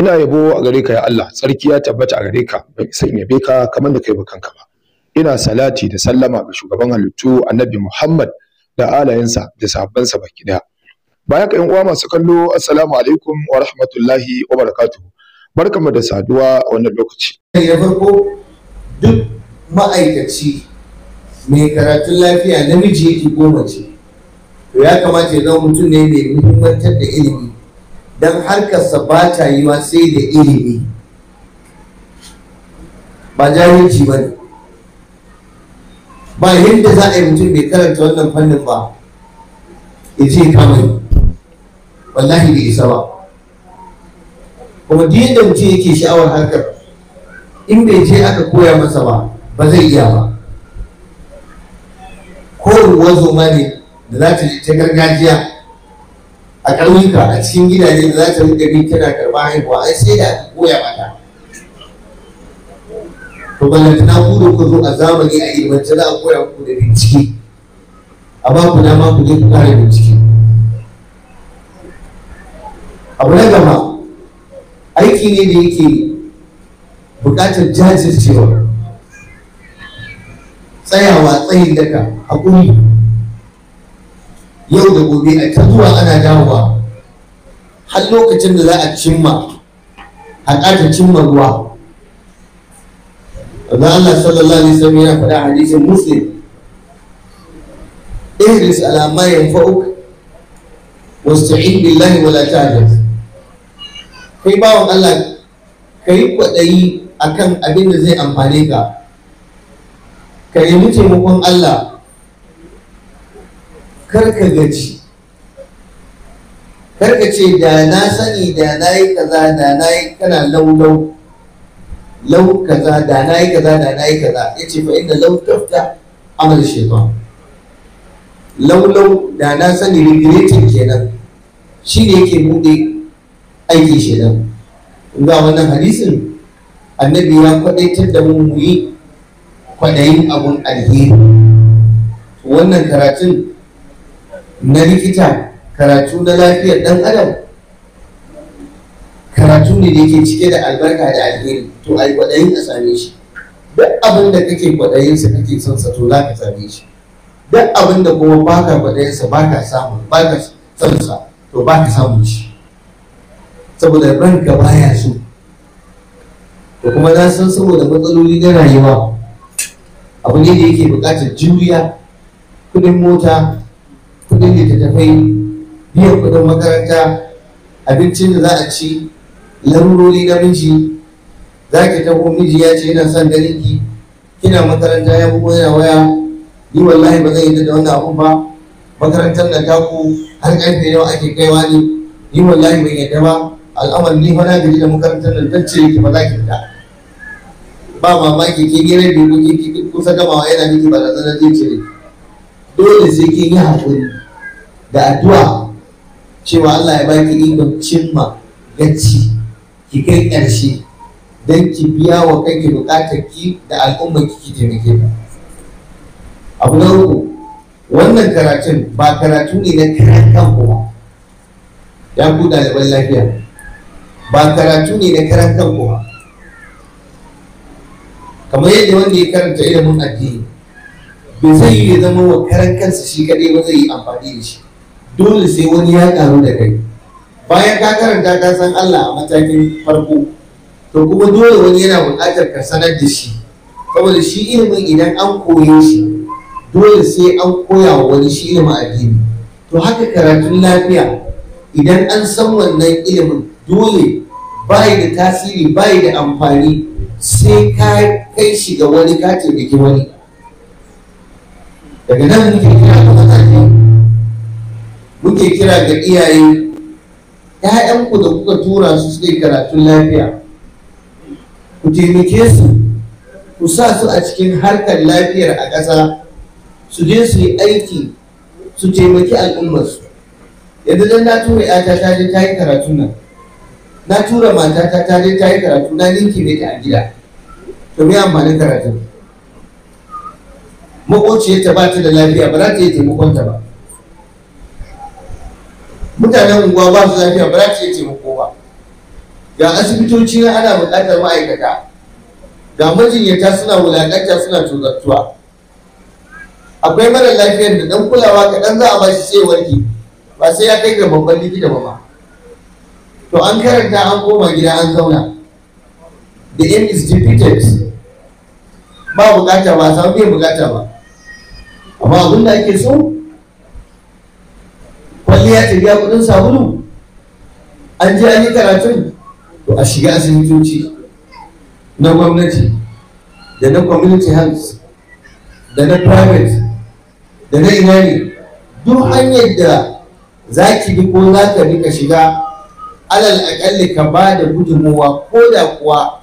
ina yabo a gare ka ya Allah tsarki ya tabbata a gare ka ban isa in yabe ka kamar da kai ba kanka ba ina salati da sallama ga shugaban halittu annabi Muhammad da alayensa da sahabbansa baki daya baya ka yan uwa masu kallo assalamu alaikum wa rahmatullahi wa barakatuh barkamu da saduwa a wannan lokaci ya farko duk ma'aikaci mai karatun lafiya namiji yake goma ce to ya kamata ya zama mutum ne mai muhimmantar da ilimi don harkarsa ba ta yi sai da ilimi ba jahilci ba ne ba yadda za a yi mutum bai karanta wannan fannin ba ya ce kamar wallahi bai isa ba kuma duk yadda mutum yake sha'awar harkar in bai je aka koya masa ba ba zai iya ba ko ruwa ma ne da za ta je ta gargajiya a ƙauyuka a cikin gidaje da za ta rinka bi tana karɓa haihuwa ai sai da aka koya mata to ballantana tana kudu ku zo a zamani a ilmance za a koya ku da bincike a ba ku dama ku je ku kare bincike abu na gaba aiki ne da yake buƙatar jajircewa tsayawa tsayin daka haƙuri yau da gobe a ta zuwa ana dawowa har lokacin da za a cimma haƙa ta cimma ruwa Allah Allah sallallahu alaihi wasallam yana faɗa hadisin muslim ihris ala ma yanfa'uk wasta'in billahi wala la ta'jaz kai bawon Allah kai kwaɗayi akan abin da zai amfane ka ka nemi taimakon Allah karka gaji karka ce da na sani da na yi kaza da na yi kana laulau lau kaza da na yi kaza da na yi kaza ya ce fa inda lau tafta amal shaitan laulau da na sani regretin kenan shi ne yake buɗe aiki shaitan ga wannan hadisin annabi ya kwadaitar da mu mu yi kwadayin abun alheri wannan karatun na likita karatu na lafiyar ɗan adam karatu ne da yake cike da albarka da alheri to ai kwaɗayin a same shi duk abin da kake kwaɗayin sa kake son sa to za ka same shi duk abin da kuma baka kwaɗayin sa baka samu baka son sa to baka samu shi saboda ranka baya so To kuma na san saboda matsaloli na rayuwa abu ne da yake buƙatar juriya kuɗin mota kudin tafai, biyan kudin makaranta abincin da za a ci larurori na miji za ki taho miji ya ce yana son ganin ki kina makaranta ya bugo yana waya ni wallahi ba zan yi da wannan abu ba makarantar da taku har karfe yau ake kaiwa ne ni wallahi ban yadda ba al'amar ni fa na gaji da makarantar da tacce ki ba za ki fita ba mamaki ke gere da yi kusa gamawa yana miki barazanar zai cire dole sai ke yi hakuri da addu'a cewa Allah ya baki ikon cimma gaci ki kai ƙarshe don ki biya wa kanki buƙatar ki da al'umma ki taimake ta abu na uku wannan karatun ba karatu ne na karan kuma. ya ku ɗaliban lafiya ba karatu ne na karan kuma. kamar yadda wanda ya karanta ilimin addini bai zai yi zama wa karan kansa shi kaɗai ba zai yi amfani da shi dole sai wani ya karu da kai bayan ka karanta ka san Allah a matakin farko to kuma dole wani yana buƙatar ka sanar da shi saboda shi ilimin idan an koye shi dole sai an koya wa wani shi ilimin addini to haka karatun lafiya idan an san wannan ilimin dole bai da tasiri bai da amfani sai ka kai shi ga wani ka taimaki wani daga nan muke kira ka muke kira ga iyaye ‘ya'yanku da kuka tura su suke karatun lafiya ku taimake su ku sa su a cikin harkar lafiyar a ƙasa su je su yi aiki su taimaki al'ummarsu yanzu don na tura ‘yata ta je ta yi karatun nan na tura matata ta je ta yi karatu na ninki ne ta a gida to me amfanin karatun maƙociyarta ba ta da lafiya ba za ta yi taimakonta ba mutanen unguwa ba su lafiya ba za su iya taimako ba ga asibitoci na ana buƙatar ma'aikata ga majinyata suna wulaƙanta suna tozartuwa akwai mara lafiyar da dan kulawa kaɗan za a ba shi sai warke ba sai ya kai ga babban likita ba ma to an karanta an koma gida an zauna the aim is defeated ba buƙata ba samu bai buƙata ba amma abin da ake so kwalliya ta biya kudin sabulu an ji an yi karatun to a shiga asibitoci na gwamnati da na community health da na private da na inari duk hanyar da za ki bi ko za ka rika shiga alal akalli ka ba da gudunmowa ko da kuwa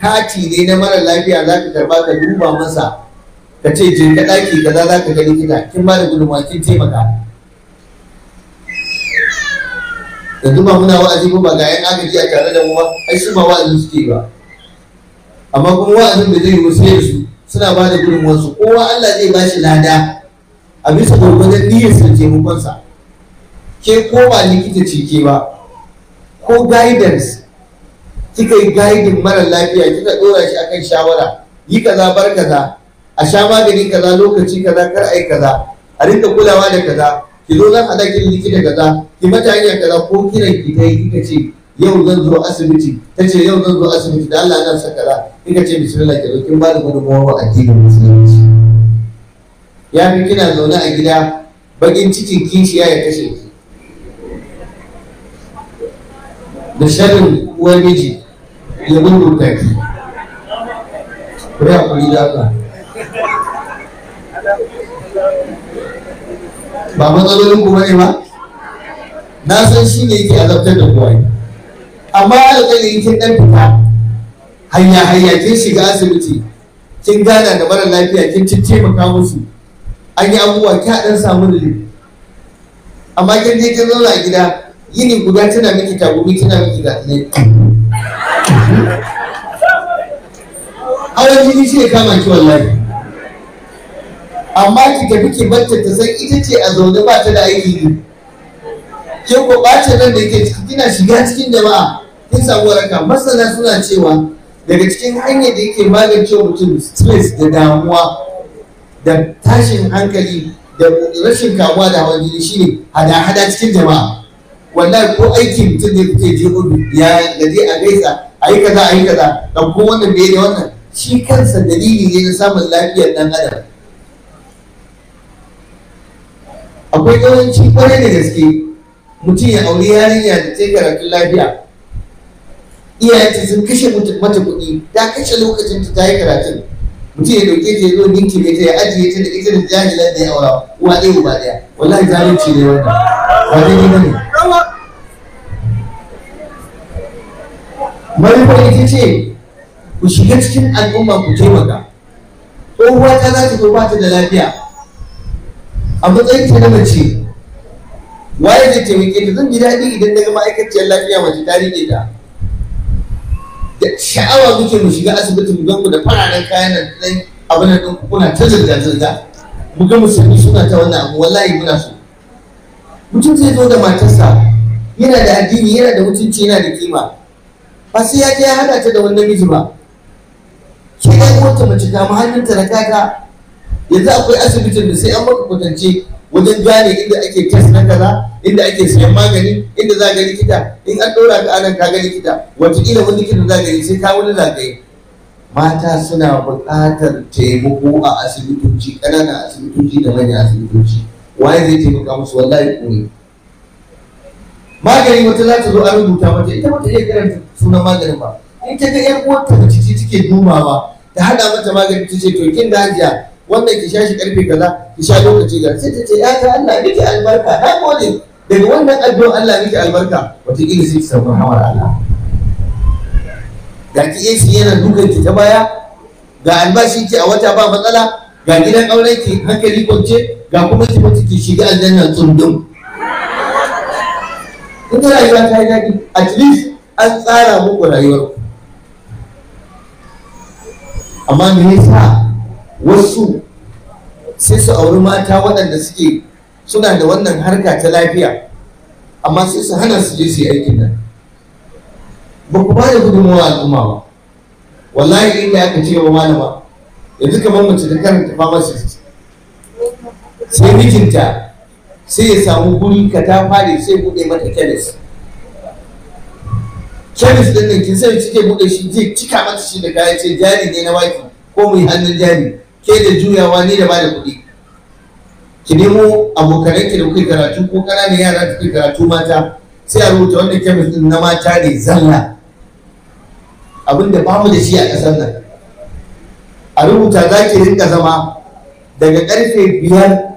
kati ne na mara lafiya za ka karba ka duba masa ka ce je ka ɗaki kaza za ka ga likita kin ba da gudunmowa kin taimaka yanzu ba muna wa'azi ba ga yan agaji a tare da mu ba ai su ba wa'azi suke ba amma kuma wa'azin da zai yi musu su suna ba da gudunmuwar su kowa Allah zai ba shi lada a bisa gwargwadon niyyar sa taimakon sa ke ko ba likita ce ke ba ko guidance kika yi guiding mara lafiya kika ɗora shi akan shawara yi kaza bar kaza a sha maganin kaza lokaci kaza kar a yi kaza a rinka kulawa da kaza ki zo zan haɗa kin likita kaza ki mata hanya kaza ko kiran ki ta yi kika ce yau zan zo asibiti ta ce yau zan zo asibiti da Allah zan saka ra kika ce bismillah ki zo kin ba da gudunmuwa a addinin musulunci ya fi kina zaune a gida bakin cikin kishiya ya kashe ki da sharin uwar miji ya ta ki. Kuri hakuri da Allah. ba matsalolin ku bane ba na san shi ne yake azabtar da kowa amma alƙali yake dan fita Hanya-hanya kin shiga asibiti kin gana da mara lafiya kin taimaka musu an yi abubuwa kya dan samu relief amma kin je kin zauna a gida yini guda tana miki tagumi tana miki da ne hawan jini shi ya kama ki wallahi amma ki tafi ki ta san ita ce a zaune ba ta da aiki ne ke ko bace nan da yake kina shiga cikin jama'a kin samu waraka masana suna cewa daga cikin hanyar da yake magance mutum stress da damuwa da tashin hankali da rashin kamuwa da hawan jini shine hada-hada cikin jama'a wallahi ko aikin mutum da kuke je gudu ya gaje a gaisa a yi kaza a yi kaza da ko wannan bai da wannan shi kansa dalili ne na samun lafiyar dan adam akwai yawanci kwarai da gaske mutum ya auri yarinya da ta karatun lafiya iyayenta sun kashe mata kuɗi ta kashe lokacin ta ta yi karatun mutum ya dauke ta ya zo ninki mai ta ya ajiye ta da ita da jahilan da ya aura uwa ɗaya uba ɗaya wallahi zalunci ne wannan ba daidai ba ne manufar ita ce ku shiga cikin al'umma ku taimaka tsohuwa ta za ta zo ba ta da lafiya a matsayin ta na mace waye zai taimake ta zan ji daɗi idan daga ma'aikaciyar lafiya mace ta rike ta da sha'awa muke mu shiga asibiti mu ganku da fararen kayan nan dan abin nan kuna ta zirga zirga mu ga musulmi suna ta wannan abu wallahi muna so mutum zai zo da matarsa yana da addini yana da mutunci yana da kima ba sai ya je ya hada ta da wannan miji ba ke ga wata mace ta mu hannunta da kaka yanzu akwai asibitin da sai an maka kwatance wajen gane inda ake test na kaza inda ake sayan magani inda za ga likita in an ɗora ka anan ka ga likita wataƙila wani likitan za ka sai ka wani zagaye mata suna buƙatar taimako a asibitoci ƙananan asibitoci da manyan asibitoci waye zai taimaka musu wallahi ne magani wata za ta zo an rubuta mata ita mata iya karanta sunan maganin ba in ta ga ƴan uwanta ciki ce take dumawa ta haɗa mata magani ta ce to kin da hajiya wannan ki sha shi karfe kaza ki sha lokaci ga sai ta ce ya ta Allah miki albarka na gode daga wannan addu'a Allah miki albarka wata kila sai ki samu hawar Allah ga ki AC yana dukan ki ta baya ga albashin ki a wata ba matsala ga gidan auren ki hankali kwance ga kuma ki mutu ki shiga aljanna tsundum in rayuwa ta yi daɗi at least an tsara muku rayuwar amma me yasa wasu sai su auri mata waɗanda suke suna da wannan harka ta lafiya amma sai su hana su je su yi aikin nan ba ku ba da gudunmawa al'umma ba wallahi inda aka ce wa malama yanzu kamar mace ta karanta pharmacist sai mijinta sai ya samu guri ka ta fare sai buɗe mata kemis kemis ɗin nan kin sai cike buɗe shi zai cika mata shi da kayan ce jari ne na waki ko mai hannun jari ke da juyawa ni da bada kuɗi ki nemo abokananki da kuke karatu ko ƙananan yara kuke karatu mata sai a rubuta wannan kemis din na mata ne zalla abinda mu da shi a ƙasar nan a rubuta za ki rinka zama daga ƙarfe biyar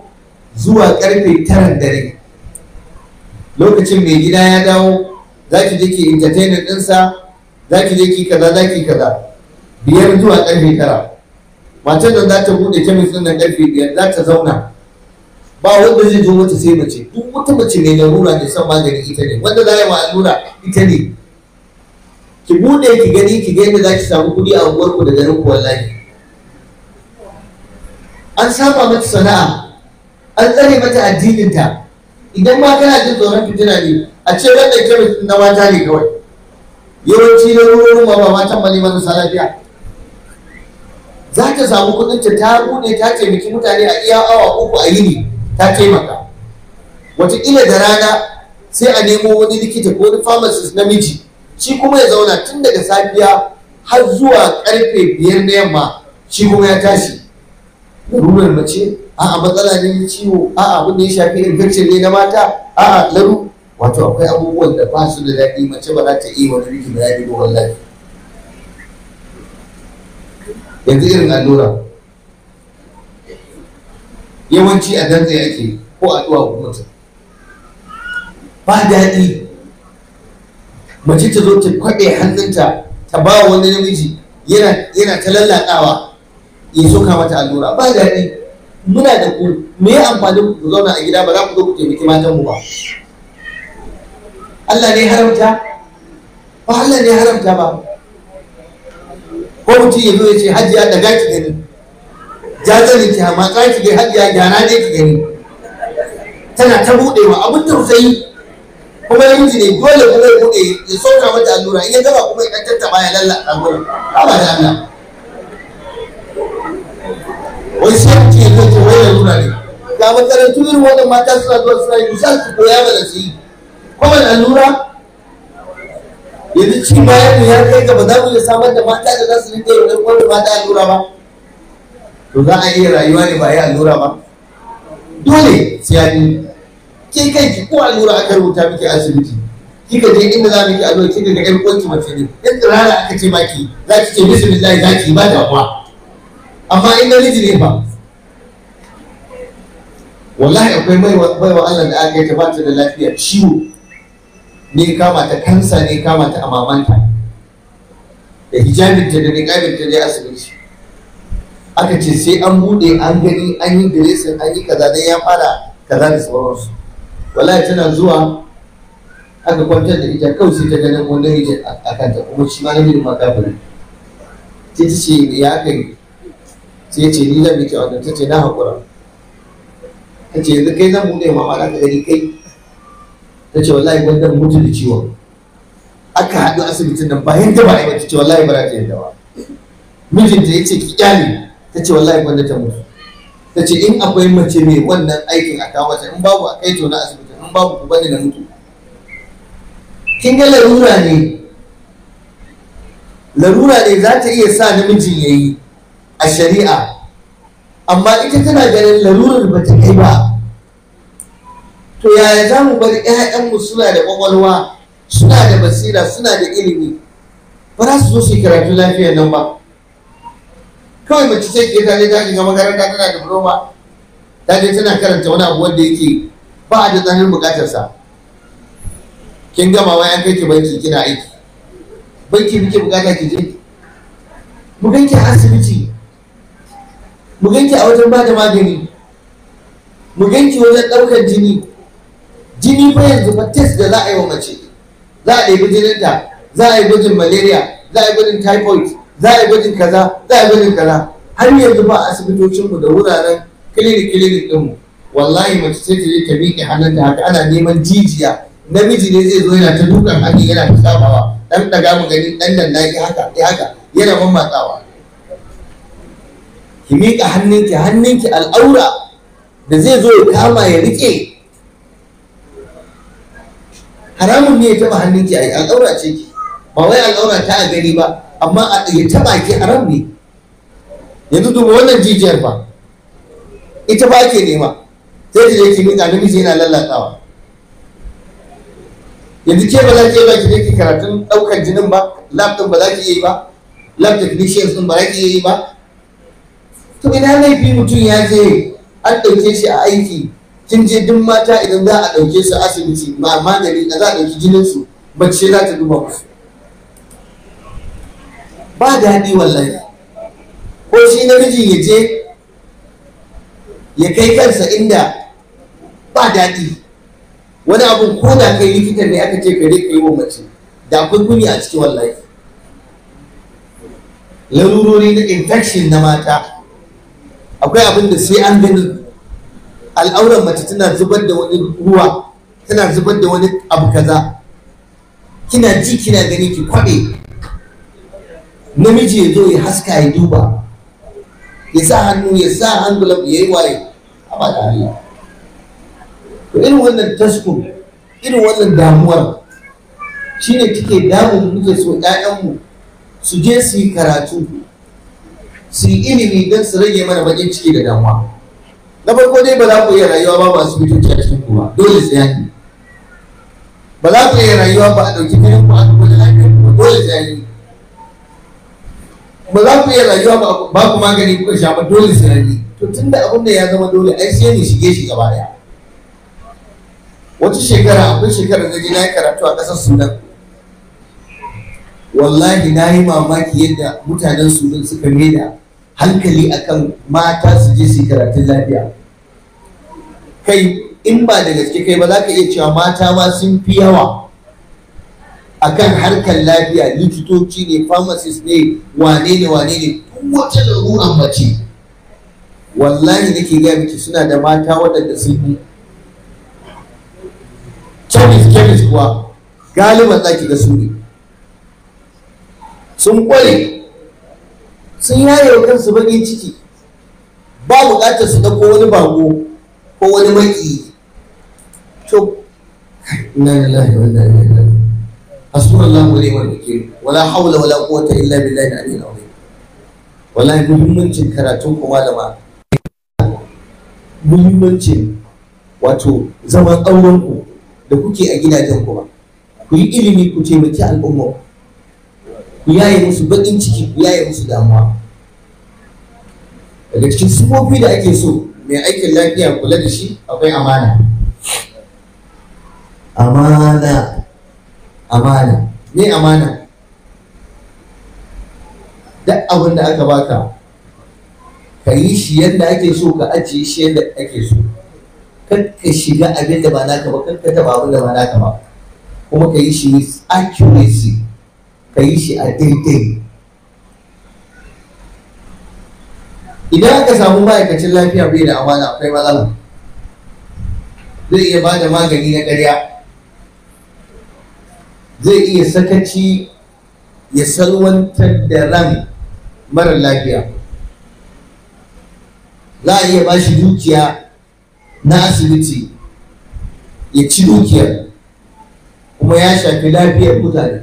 zuwa ƙarfe tara dare lokacin mai gida ya dawo za ki je ki entertainment ɗinsa za ki je ki kaza za ki kaza biyar zuwa ƙarfe tara matar nan za ta buɗe kemis ɗin nan ƙarfe biyar za ta zauna ba wanda zai zo mata sai mace duk wata mace mai larura da son magani ita ne wanda za yi wa ita ne ki buɗe ki gani ki ga yadda za ki samu kuɗi a unguwarku da garin ku wallahi an saba mata sana'a an tsare mata addininta idan ma kana jin tsoron fitina ne a ce wannan kemis na mata ne kawai yawanci da ruwan ma ba matan ba ne marasa za ta samu kudinta ta ta bude ta taimaki mutane a iya awa uku a yini ta taimaka wataƙila da rana sai a nemo wani likita ko wani pharmacist namiji shi kuma ya zauna tun daga safiya har zuwa karfe biyar na yamma shi kuma ya tashi larurar mace a'a matsala ne na ciwo a'a abin da ya shafi infection ne na mata a'a laru wato akwai abubuwan da ba su da daɗi mace ba za ta iya wani rikin bayani ba lafiya? yanzu irin allura yawanci a dantse ake ko a duwa mutum ba daɗi mace ta zo ta kwaɗe hannunta ta ba wani namiji yana ta lallaɗawa ya soka mata allura ba daɗi muna da ku me ya amfani ku zauna a gida ba za ku zo ku taimaki matan mu ba Allah ne haramta ba Allah ne haramta ba ko mutum ya zo ya ce ya daga ki gani ja ki amma ka ki gani ya gyana dai ki gani tana ta buɗewa abin tausayi kuma namiji ne dole kuma ya buɗe ya sauka mata allura in ya gaba kuma ya tattaba ya lalla allura ba da Allah wai sai ki zo ki wai allura ne ga makarantu irin wannan mata suna zuwa suna yi misali su koya mana su yi kuma allura yanzu ci bayan yadda ya kai ga ba za mu iya samar da mata da za su rinke yi wani wanda mata allura ba to za a iya rayuwa ne ba a yi allura ba dole sai ya ne ke ki ko allura aka rubuta miki asibiti kika je inda za mu ki allura ki daga ƴan kwanci mace ne in rana aka ce maki za ki ce bismillah za ki ba da kuwa amma in namiji ne ba wallahi akwai baiwa Allah da aka yi ta ta da lafiya ciwo ne kama ta kansa ne kama ta amamanta da hijabinta da niqabinta dai asibiti aka ce sai an bude an gani an yi dresin an yi kaza dai ya fara kaza da sauransu wallahi tana zuwa aka kwantar da ita kawai sai ta ganin wani namiji a kanta kuma shi ma namijin ma kafirin sai ta ce ya aka yi sai ce ni zan miki ta ce na haƙura ta ce yanzu kai zan buɗe ma na ka gani kai ta ce wallahi wanda mutu da ciwon aka haɗu asibitin nan ba yadda ba a yi ta ce wallahi ba ta yadda ba mijinta ya ce kyale ta ce wallahi wanda ta mutu ta ce in akwai mace mai wannan aikin a kawo in babu a kai to na asibitin in babu ku bani na mutu kin ga larura ne larura ne za ta iya sa namiji ya yi a shari'a amma ita tana ganin larurar ba ta kai ba to yaya za mu bari ‘ya'yanmu suna da ƙwaƙwalwa suna da basira suna da ilimi ba za su zo su yi karatu lafiya nan ba kawai mace sai ke tare ta ga makaranta tana da diploma ta je tana karanta wani abu wanda yake ba a da tsananin buƙatarsa kin gama wa yan kai ki banki kina aiki banki muke buƙata ki je mu ganki a asibiti mu ganki a wajen ba da magani mu ganki wajen ɗaukar jini jini ba yanzu ba test da za a yi wa mace za a ɗebi jininta za a yi gwajin malaria za a yi gwajin typhoid za a yi gwajin kaza za a yi gwajin kaza har yanzu ba asibitocinmu da wuraren clinic clinic ɗinmu wallahi mace sai ta je ta miƙe hannunta haka ana neman jijiya namiji ne zai zo yana ta dukan hannu yana ta sabawa dan daga mu gani dan nan na haka yi haka yana matsawa ki miƙa hannunki hannunki al'aura da zai zo ya kama ya riƙe haramun ne ya taba hannun ki ai al'aura ce ki ba wai al'aura ta a gani ba amma ya taba ki haram ne yanzu duba wannan jijiyar ba ita ba ke nema sai ta je ki miƙa namiji yana lallatawa yanzu ke ba za ki yi ba ki je ki karatun ɗaukar jinin ba lab ɗin ba za ki yi ba lab technicians ɗin ba za ki yi ba to ina laifi mutum ya je an ɗauke shi a aiki kin je duk mata idan za a ɗauke su asibiti ba magani da za a ɗauki jininsu mace za ta duba musu ba daɗi wallahi ko shi namiji ya je ya kai kansa inda ba daɗi wani abu ko da kai likitan ne aka ce ka ka yi wa mace da akwai kunya a cikin wallahi larurori na infection na mata akwai abin da sai an gani al'auran mace tana zubar da wani ruwa tana zubar da wani abu kaza kina ji kina gani ki kwabe namiji ya zo ya haska ya duba ya sa hannu ya sa hannu ya yi waye a ba da irin wannan tasko irin wannan damuwar shi ne kike damun muke so ƴaƴanmu su je su yi karatu su yi ilimi don su rage mana baƙin ciki da damuwa na farko dai ba za ku iya rayuwa ba masu fitoci a cikin kuma dole yaki ba za ku iya rayuwa ba a ɗauki kayan ku aka kula da lafiyar ku dole yaki ba za ku iya rayuwa ba ku magani kuka sha ba dole yaki to tun da abin da ya zama dole ai sai ne shige shi gaba daya wata shekara akwai shekarar da na yi karatu a ƙasar sudan wallahi na yi mamaki yadda mutanen sudan suka maida hankali akan mata su je su karatun lafiya kai in ba da gaske kai ba za ka iya cewa mata ma sun fi yawa akan harkar lafiya likitoci ne pharmacist ne wane ne wane ne duk wata laruran mace wallahi da gaya miki suna da mata waɗanda sun yi chemist chemist kuwa galiban za ki ga su ne sun kware sun yaye kansu baƙin ciki ba buƙatar su ɗauko wani bago ko wani maki to inna lillahi wa inna ilaihi raji'un hasbunallahu wa ni'mal wakeel wala hawla wala quwwata illa billahi al-aliyyil azim wallahi muhimmancin karatun ku malama muhimmancin wato zaman auren ku da kuke a gidajen ku ba ku yi ilimi ku taimaki al'umma ku yaye musu baƙin ciki ku yaye musu damuwa daga cikin sifofi da ake so mai aikin lafiya kula da shi akwai amana amana amana ne amana duk abin da aka baka ka yi shi yadda ake so ka ajiye shi yadda ake so kar ka shiga abin da ba naka ba kar ka taba abin da ba naka ba kuma ka yi shi with accuracy ka yi shi a daidai idan aka samu ma'aikacin lafiya bai da amana akwai matsala zai iya ba da magani na ƙarya zai iya sakaci ya salwantar da ran mara lafiya za a iya ba shi dukiya na asibiti ya ci dukiyar kuma ya shafi lafiyar mutane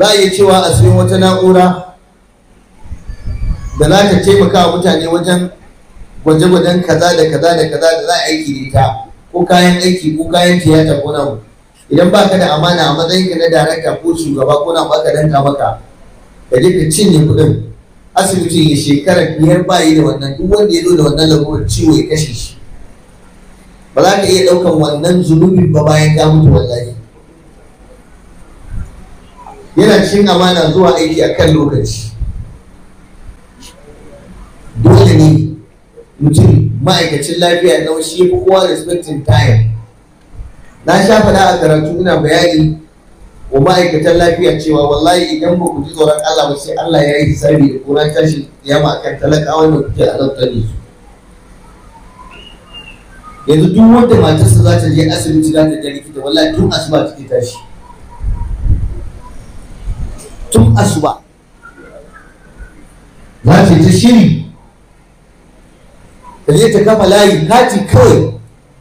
za a iya cewa a sayan wata na'ura da za ta taimaka wa mutane wajen gwaje-gwajen kaza da kaza da kaza da za a aiki da ita ko kayan aiki ko kayan tiyata ko namu idan baka da amana a matsayinka na darakta ko shugaba ko na baka danka maka ka je ka cinye kuɗin asibitin ya shekara biyar bayi da wannan duk wanda ya zo da wannan lalurar ciwo ya kashe shi ba za ka iya ɗaukan wannan zunubi ba bayan ka mutu wallahi yana cin amana zuwa aiki a kan lokaci ma'aikacin lafiya na shi fi kowa respecting time na sha faɗa a karatu ina bayani wa ma'aikatan lafiya cewa wallahi idan ba ku ji tsoron Allah ba sai Allah ya yi hisabi da kuna tashi ma kan talakawa da kuke azabta ne su yanzu duk wanda matarsa za ta je asibiti za ta je likita wallahi tun asuba take tashi tun asuba za ta ta shiri ta je ta kafa layi kati kawai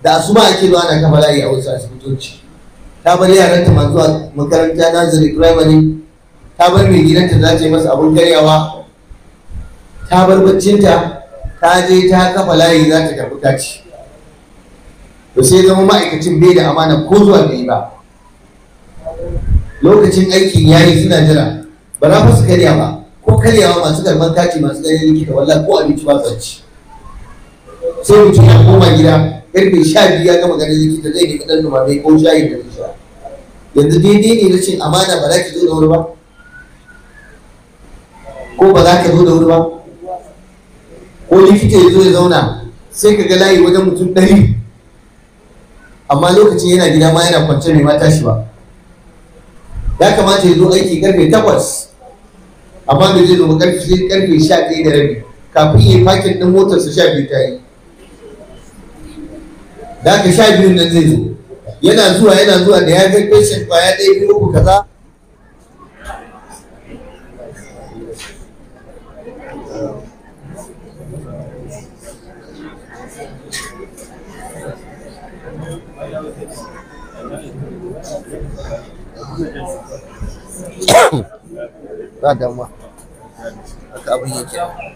da asuma ake zuwa ana kafa layi a wasu asibitoci ta bar yaranta masu zuwa makaranta zuri primary ta bar mai gidanta za ta yi masa abun karyawa ta bar baccinta ta je ta kafa layi za ta karɓi kati to sai zama ma'aikacin bai da amana ko zuwa bai ba lokacin aikin yayi suna jira ba na su karya ba ko karyawa masu karɓar kati masu ganin likita wallah ko abinci ba su ci sai mutum ya koma gida karfe sha biyu ya gama ganin likita zai nemi ɗan mai ko shayi da sha yanzu daidai ne na cin amana ba za ki zo da wuri ba ko ba za ka zo da wuri ba ko likita ya zo ya zauna sai ka ga layi wajen mutum ɗari amma lokacin yana gida ma yana kwance mai mata shi ba ya kamata ya zo aiki karfe takwas amma da zai zo karfe sha ɗaya da rabi kafin ya yi fakin ɗin motarsa sha biyu ta yi da haka sha biyun nan zai zo yana zuwa yana zuwa da ya ga patient kwaya ɗaya biyu uku kaza ba damuwa haka abin yake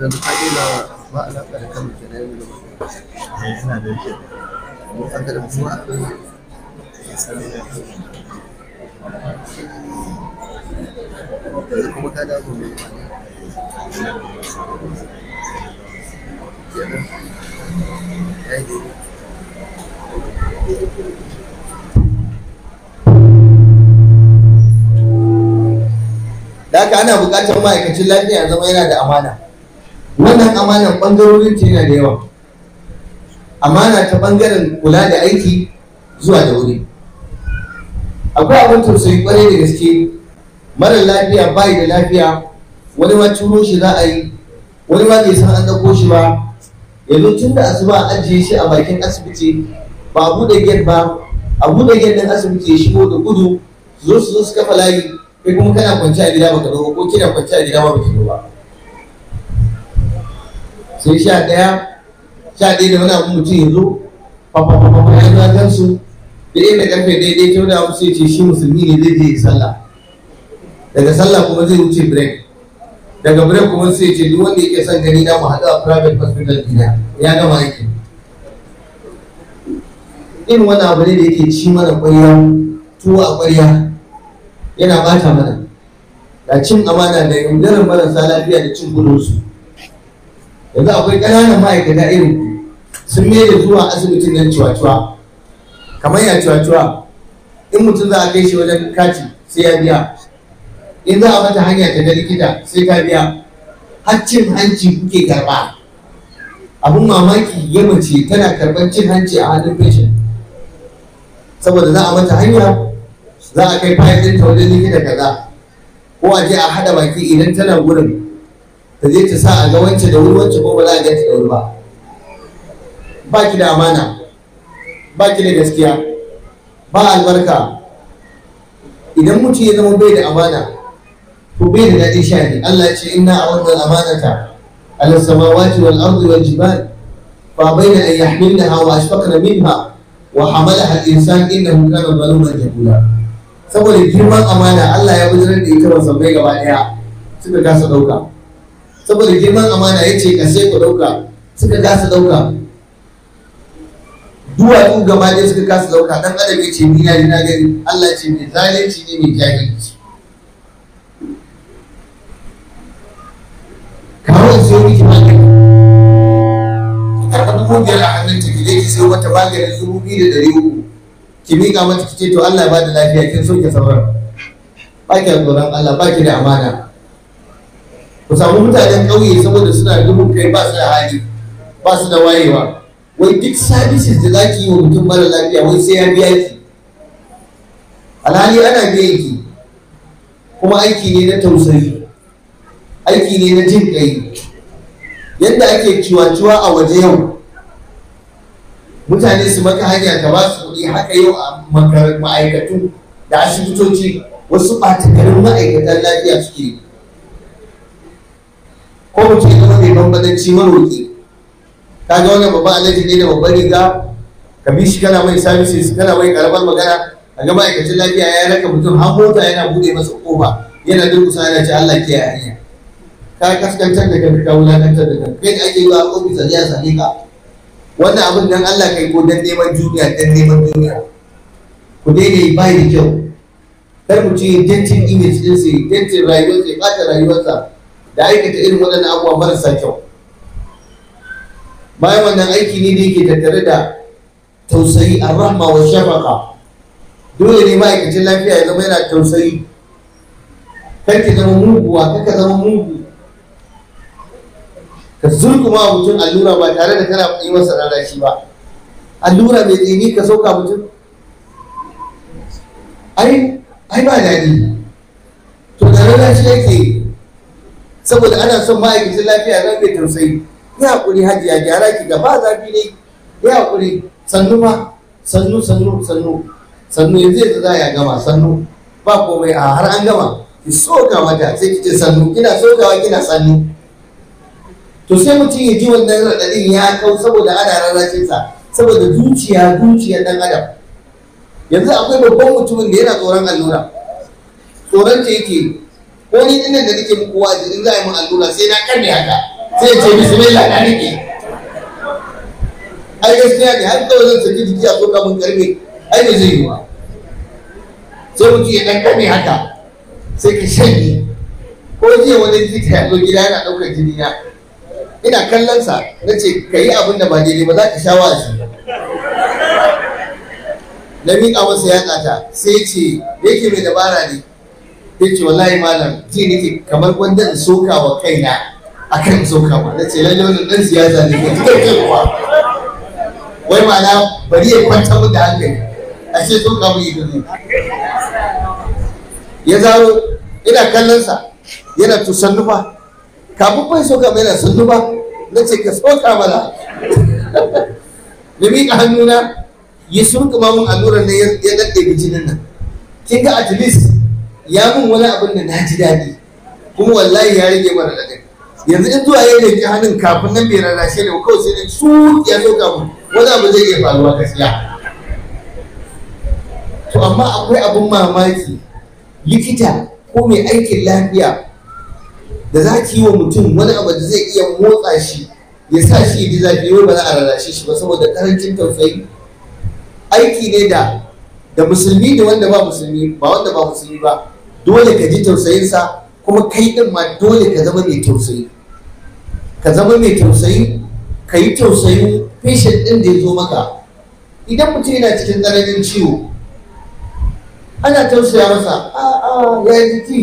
لما تحكي لا ما لا لا كمل كان ada لو انت لما تسمع هو كذا هو يعني Da haka ana buƙatar ma'aikacin lafiya ya zama yana da amana. wannan amanar ɓangarorin ta yana da yawa amana ta ɓangaren kula da aiki zuwa da wuri akwai abin tausayi kwarai da gaske mara lafiya bayi da lafiya wani ma turo shi za a yi wani ma bai san an ɗauko shi ba yanzu tun da asuba a ajiye shi a bakin asibiti ba a buɗe gate ba a buɗe gate ɗin asibiti ya shigo da gudu zo su zo su kafa layi kai kuma kana kwanci a gida baka zo ko kina kwanci a gida ba ba sai sha ɗaya sha ɗaya da wani abu mutum ya zo fafafafafa ya zo gan su da inda karfe daidai ta wani abu sai ce shi musulmi ne zai je yi sallah daga sallah kuma zai wuce break daga break kuma sai ce duk wanda yake son gani na mu haɗu a private hospital gida. ya gama aiki irin wani abu ne da yake ci mana ƙwarya tuwo a ƙwarya yana bata mana da cin amana da yaudarar marasa lafiya da cin gudunsu yanzu akwai ƙananan ma'aikata irin ku sun mere zuwa asibitin nan ciwa kamar ya ciwa in mutum za a kai shi wajen kati sai ya biya in za a mata hanya ta da likita sai ta biya haccin hanci kuke karɓa abin mamaki ya mace tana karɓar cin hanci a hannun fashin saboda za a mata hanya za a kai fayil ɗinta wajen likita kaza ko a je a haɗa baki idan tana gurin ta zai ta sa a ga wance da wuri wance ko ba za a ganta da wuri ba ba ki da amana ba ki da gaskiya ba albarka idan mutum ya zama bai da amana ko bai da daɗin shani Allah ya ce inna a wannan amanata ala samawati wal ardi wal jibal fa bayna an yahmilaha wa ashfaqna minha wa hamalaha al insan innahu kana zaluman jahula saboda girman amana Allah ya bujirar da ita wasan bai gaba daya suka kasa dauka saboda girman amana ya ce ka sai ku ɗauka suka kasa ɗauka duwatsu gaba ɗaya suka kasa ɗauka ɗan adam ya ce ni na na gani Allah ce mai zalunci ne mai jahilci Kawai sai miki magani karɓa dubu biyar a hannun ta ki je sai wata maganin dubu biyu da ɗari uku ki miƙa mata ki ce to Allah ba bada lafiya kin ki sauran ba ki da tsoron Allah ba ki da amana ku samu mutanen ƙauye saboda suna duhun kai ba su da hali ba su da wayewa wai duk sabisis da za ki yi wa mutum mara lafiya wai sai ya biya ki alhali ana biya ki kuma aiki ne na tausayi aiki ne na jin ƙai yadda ake ciwa-ciwa a waje yau mutane su maka hanya ka ba su kuɗi haka yau a ma'aikatu da asibitoci wasu ɓata karin ma'aikatan lafiya suke ko mu ce kuma mai bambadanci maroƙi Ta ga wannan babban alaji ne da babban riga ka bi shi kana mai services kana mai karamar magana a ga aikacin lafiya ya raka mutum har mota yana buɗe masa ƙofa yana durƙusa yana ce Allah ke yayi ka kaskantar da kanka ka wulakantar da kanka kai da ake zuwa a ofis a same ka wannan abin dan Allah kai ko dan neman duniya dan neman duniya ku daina yi bai da kyau kar mu ce dentin image din sai dentin rayuwar sai bata rayuwarsa da aikata irin waɗannan abubuwa marasa kyau bayan wannan aiki ne da yake tattare da tausayi a arrahma wa shafaka dole ne ma'aikacin lafiya ya zama yana tausayi kar ka zama muguwa kar ka zama mugu ka zurkuma mutum allura ba tare da kana yi masa shi ba allura mai tsini ka sauka mutum ai ai ba daɗi to da shi yake saboda ana son ma'aikacin lafiya zan mai tausayi ya haƙuri hajiya gyara ki gaba zafi ne ya haƙuri sannu ma sannu sannu sannu sannu yanzu zai za ya gama sannu ba komai a har an gama ki soka mata sai ki ce sannu kina sokawa kina sannu to sai mutum ya ji wannan raɗaɗin ya kau saboda ana rarrashin sa saboda zuciya zuciya ɗan adam yanzu akwai babban mutumin da yana tsoron allura tsoron ta yake ko ni din nan da nake muku waje, in za a yi min allura sai na karne haka sai ce bismillah na nake ai gaskiya ne har kawai zan saki jiki a tsoka mun karfe ai ba zai yi wa. sai mutum ya dan karne haka sai ka shanye ko jiya wani jita ya zo gida yana ɗaukar jini na ina kallon sa na ce ka yi abin da ba daidai ba za ka sha wa'azi na miƙa masa yaƙa ta sai ce yake mai dabara ne ya ce wallahi malam ji nake kamar wanda in soka wa kaina a kan soka wa na ce lalle wannan dan siyasa ne ke cikin kuwa wai ma'ana bari ya kwanta mu da hankali a ce soka mu yi gudu ya zaro ina kallon sa yana to sanduba kafin bai soka mai yana sanduba na ce ka soka mana na miƙa hannuna ya surka mamun allurar ne ya daɗe bijinin nan kin ga at least ya min wani abin da na ji daɗi kuma wallahi ya rage mara daɗi. yanzu in zuwa ya rage hannun kafin nan bai rarrashe ne kawai sai dai su ya zo kafin wani abu zai iya faruwa gaskiya to amma akwai abin mamaki likita ko mai aikin lafiya da za ki yi wa mutum wani abu da zai iya motsa shi ya sa shi ji zafi yau ba za a rarrashe shi ba saboda karancin tausayi aiki ne da da musulmi da wanda ba musulmi ba wanda ba musulmi ba dole ka ji tausayinsa kuma kai din ma dole ka zama mai tausayi ka zama mai tausayi ka yi tausayin patient din da ya zo maka idan mutum yana cikin tsananin ciwo ana tausaya masa a ah, a ah, ya yi jiki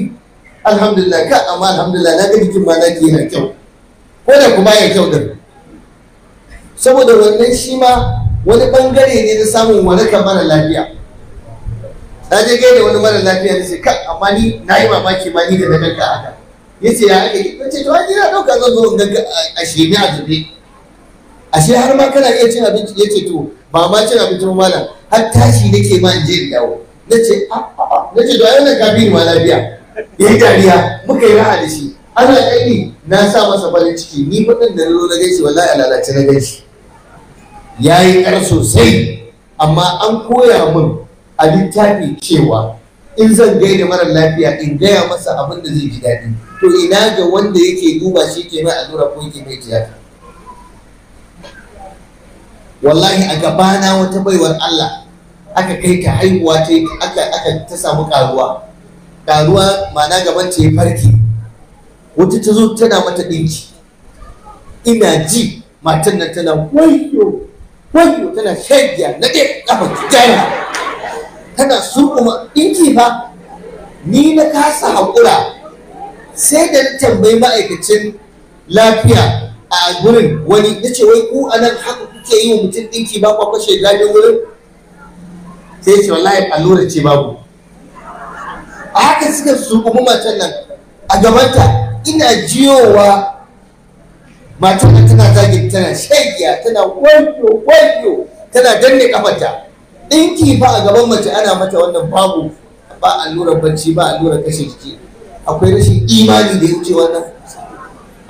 alhamdulillah ka amma alhamdulillah na ga jikin ma na ke yana kyau ko da kuma ya kyau din saboda wannan shi ma wani bangare ne na samun wani mara lafiya na je gaida wani mara lafiya na ce ka, amma ni na yi mamaki ma ni da na ganka haka ya ce ya ake yi ce to ai na ɗauka zan zo in a shirme a zube ashe har ma kana iya cin abinci ya ce to ba ma cin abinci ba malam har tashi nake ma in je in dawo na ce ah, ah, ah. na ce to ai wannan kafin ma lafiya ya yi dariya muka yi raha da shi ana ɗani na sa masa farin ciki ni faɗin da na gaishe wallahi a lalace na gaishe ya yi ƙar sosai amma an koya min a littafi cewa in zan gaida mara lafiya in gaya masa abin da zai ji daɗi to ina ga wanda yake duba shi ke mai allura ko yake mai tiyata wallahi a gabana wata baiwar Allah aka kai ta haihuwa ta aka aka ta samu karuwa karuwa ma'ana gaban ta ya farki wata ta zo tana mata ɗinki ina ji matan nan tana wayo wayo tana shagiya na ɗaya ƙafa jaya tana surkuma ɗinki fa ni na kasa haƙura sai da na tambayi ma'aikacin lafiya a gurin wani na ce wai ku anan haka kuke yi wa mutum ɗinki ba kwa kwashe gajin wurin? sai ce wallahi allura ce babu a haka suka surkumi matan nan a gabanta ina jiyowa matan nan tana zagin tana shagiya tana wayo wayo tana danne kafanta ɗinki ba a gaban mace ana mata wannan babu ba allurar bacci ba allurar kashe jiki akwai rashin imani da ya wuce wannan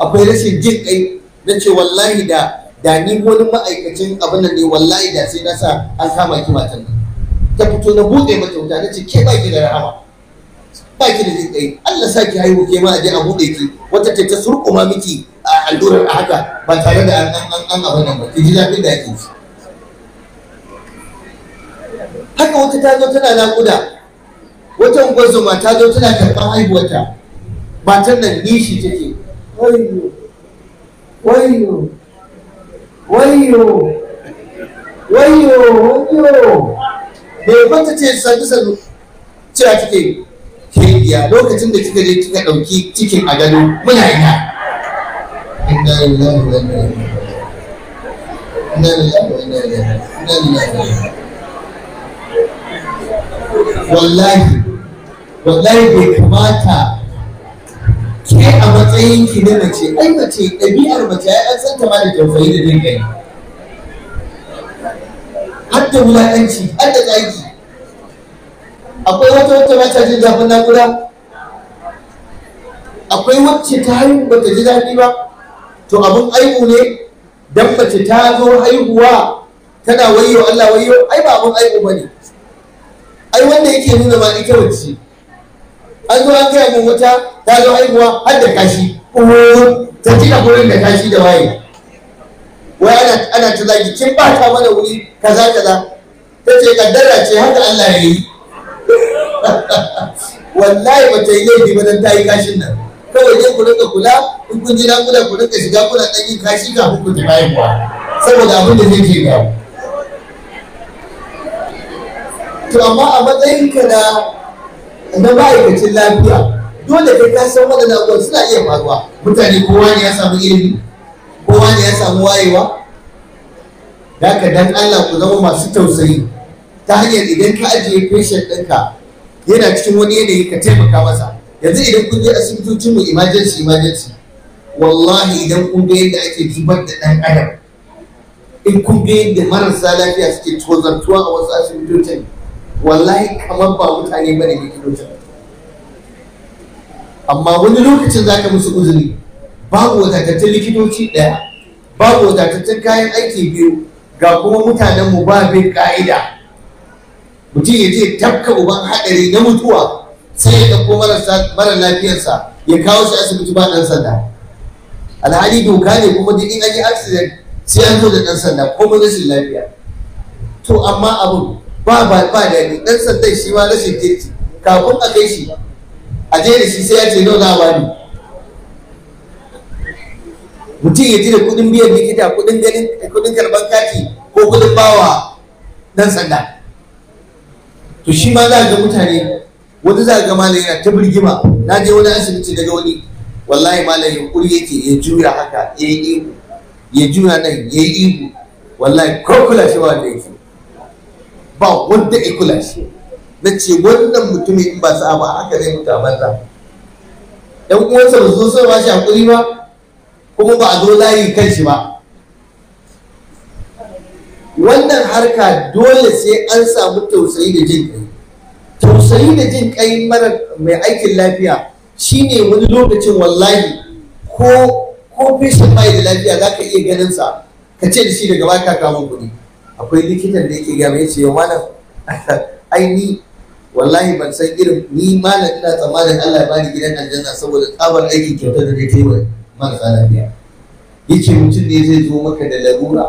akwai rashin jin kai na ce wallahi da da ni wani ma'aikacin abin nan ne wallahi da sai na sa an kama ki matan nan ta fito na buɗe mata wuta na ce ke ba ki da rahama ba ki da jin kai Allah sa ki haihu ke ma a je a buɗe ki wata ta surkuma miki a allurar a haka ba tare da an an an abin nan ba ki ji daɗin da ki haka wata ta zo tana naƙuda wata ungwazoma ta zo tana karɓar haihuwarta ta nan nishi take wayo wayo wayo wayo wayo bai kwanta ce sannu sannu cewa take kiriya lokacin da kika je kika ɗauki cikin a gado muna ina inna lillahi wa inna ilaihi inna lillahi wa inna ilaihi inna lillahi wa inna ilaihi wallahi wallahi bai kamata ke a matsayin ki na mace ai mace ɗabi'ar mace ai an san ta ma da tausayi da jin kai har da wulaƙanci har da tsaki akwai wata wata mata jin zafin naƙuda akwai wacce ta haihu ba ta ji daɗi ba to abin aibu ne dan mace ta zo haihuwa tana wayo Allah wayo ai ba abin aibu ba ne ai wanda yake nuna ma ita wacce an zo an kai mun wuta ta zo haihuwa har da kashi ta cika gurin da kashi da waye wai ana ana ta zagi kin ba ta mana wuri kaza kaza ta ce kaddara ce haka Allah ya yi wallahi ba ta yi laifi ba dan ta yi kashin nan kawai dai ku rinka kula in kun ji na kula ku rinka shiga kuna ɗan yin kashi kafin ku tafi haihuwa saboda abin da zai je ba to amma a ka na na ma'aikacin lafiya dole kai ka san waɗannan abubuwan suna iya faruwa mutane kowa ne ya samu ilimi kowa ne ya samu wayewa da ka dan Allah ku zama masu tausayi ta hanyar idan ka ajiye patient ɗinka yana cikin wani yanayi ka taimaka masa yanzu idan kun je asibitocin mu emergency emergency wallahi idan kun ga yadda ake zubar da ɗan adam in kun ga yadda marasa lafiya suke tozartuwa a wasu asibitocin wallahi kamar ba mutane bane ne kilo amma wani lokacin zaka musu uzuri babu wadatattun likitoci ɗaya babu wadatattun kayan aiki biyu ga kuma mutanen mu ba bin ka'ida mutum ya je tafka uban haɗari na mutuwa sai ya ɗauko mara lafiyarsa ya kawo shi asibiti ba ɗan sanda alhali doka ne kuma duk in an yi accident sai an zo da ɗan sanda ko rashin lafiya to amma abun ba ba ba daɗi ɗan sandan shi ma rashin kirki kafin a kai shi a je shi sai ya ce nawa za a bani mutum ya ji da kuɗin biyan likita kuɗin ganin kudin karban kati ko kuɗin bawa ɗan sanda to shi ma za ga mutane wani za ga malam yana ta birgima na je wani asibiti daga wani wallahi malam yunkuri yake ya juya haka ya yi ihu ya juya nan ya yi ihu wallahi ko shi ba da ba wanda ya kula shi na ce wannan mutumin in ba sa'a ba haka zai mutu a banza ɗan uwansa ba su so ba shi hakuri ba kuma ba a zo layi kan shi ba wannan harka dole sai an samu tausayi da jin kai tausayi da jin kai mara mai aikin lafiya shine wani lokacin wallahi ko ko bai da lafiya za ka iya ganin sa ka ce da shi daga baka kamun kuɗi akwai likitan da yake gama ya ce yau malam aini wallahi ban san irin ni malam ina tsammanin Allah ya bani gidan aljanna saboda tsabar aikin kyautar da nake wa marasa lafiya yace mutum ne zai zo maka da larura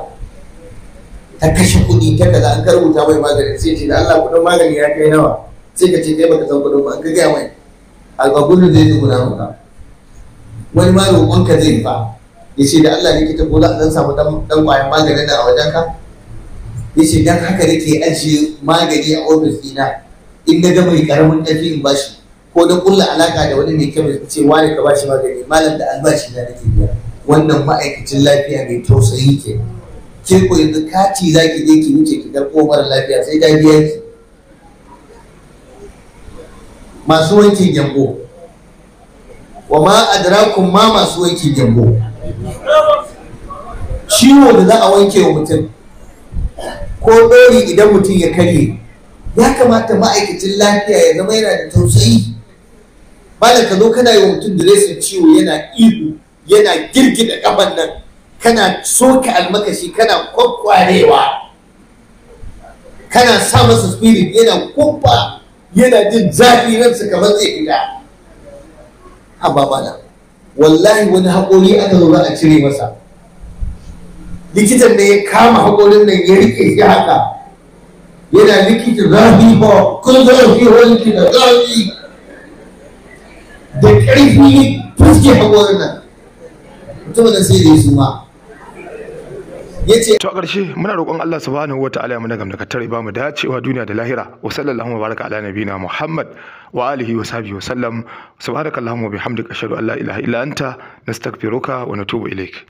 ta kashe kuɗi ta kaza an karbuta mai magani sai ce da Allah kuɗin magani ya kai nawa sai ka ce kai baka san kuɗin ba an ka gaya mai alba kullum zai tsuguna maka wani ma roƙonka zai fa ya ce da Allah likita ko za a zan samu dan ƙwayan maganin da a ka? ya ce dan haka nake ajiye magani a ofis dina in na ga mai karamin ƙarfi in bashi ko na kulla alaka da wani mai kyau ya ce wani ka bashi magani malam da albashi na nake biya wannan ma'aikacin lafiya mai tausayi ke ke ko yanzu kati za ki je ki wuce ki ga komar lafiya sai ta biya ki masu wankin gyambo wa ma adrakum ma masu wankin gyambo ciwo da za a wanke wa mutum ko ɗori idan mutum ya karye ya kamata ma'aikacin lafiya ya zama yana da tausayi malam ka zo kana yi wa mutum da diresin ciwo yana ihu yana girgida kafan nan kana soka almakashi kana kwakwarewa kana sa masa spirit yana kumfa yana jin zafi ransa kamar zai fita a babana wallahi wani haƙori aka zo za a cire masa likitan da ya kama haƙorin nan ya rike shi haka yana likita zafi ba kun zo shi wani da zafi da ƙarfi fuske haƙorin nan mutumin da sai da ya suma yace to karshe muna roƙon Allah subhanahu wataala ya mu nagam daga tare ba mu dacewa duniya da lahira wa sallallahu wa baraka ala nabina Muhammad wa alihi wa sahbihi wa sallam subhanakallahumma wa bihamdika ashhadu an la ilaha illa anta nastaghfiruka wa natubu ilaik